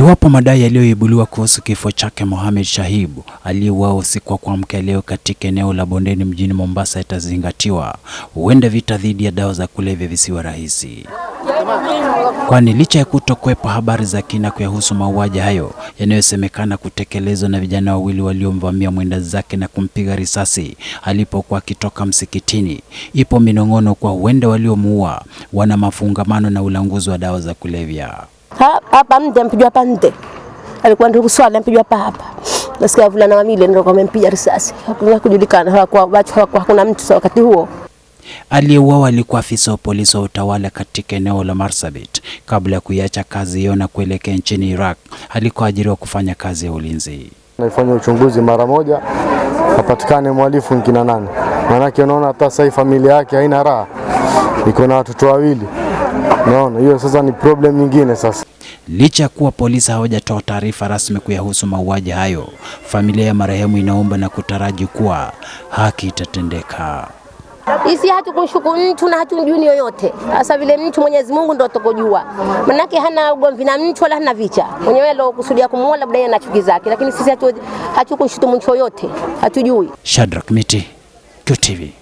Iwapo madai yaliyoibuliwa kuhusu kifo chake Mohamed Shahibu aliyeuawa usiku wa kuamkia leo katika eneo la Bondeni mjini Mombasa yatazingatiwa, huenda vita dhidi ya dawa za kulevya visiwa rahisi, kwani licha ya kutokuwepo habari za kina kuyahusu mauaji hayo yanayosemekana kutekelezwa na vijana wawili waliomvamia mwenda zake na kumpiga risasi alipokuwa akitoka msikitini, ipo minong'ono kwa huenda waliomuua wana mafungamano na ulanguzi wa dawa za kulevya hapa mde mpigwa hapa nde alikuwa ndugu swali ampigwa hapa hapa. Nasikia vulana wawili ndio wamempiga risasi, hakuna kujulikana, hawakuwa watu, hawakuwa hakuna mtu wakati huo. Aliyeuawa alikuwa afisa wa polisi wa utawala katika eneo la Marsabit kabla ya kuiacha kazi hiyo na kuelekea nchini Iraq alikoajiriwa kufanya kazi ya ulinzi. naifanya uchunguzi mara moja, apatikane mwalifu nkina nani, maanake unaona hata sasa familia yake haina raha, iko na watoto wawili Naona hiyo sasa ni problem nyingine sasa. Licha ya kuwa polisi hawajatoa taarifa rasmi kuyahusu mauaji hayo, familia ya marehemu inaomba na kutaraji kuwa haki itatendeka. Isi hatukumshuku mtu na hatumjui yoyote. hasa vile mtu Mwenyezi Mungu ndo atakojua. Manake hana ugomvi na mtu wala hana vicha. Mwenyewe ndio kusudia labda yeye na chuki zake, lakini sisi hatu hatukumshutumu mtu yoyote. Hatujui. Shadrack Miti, QTV.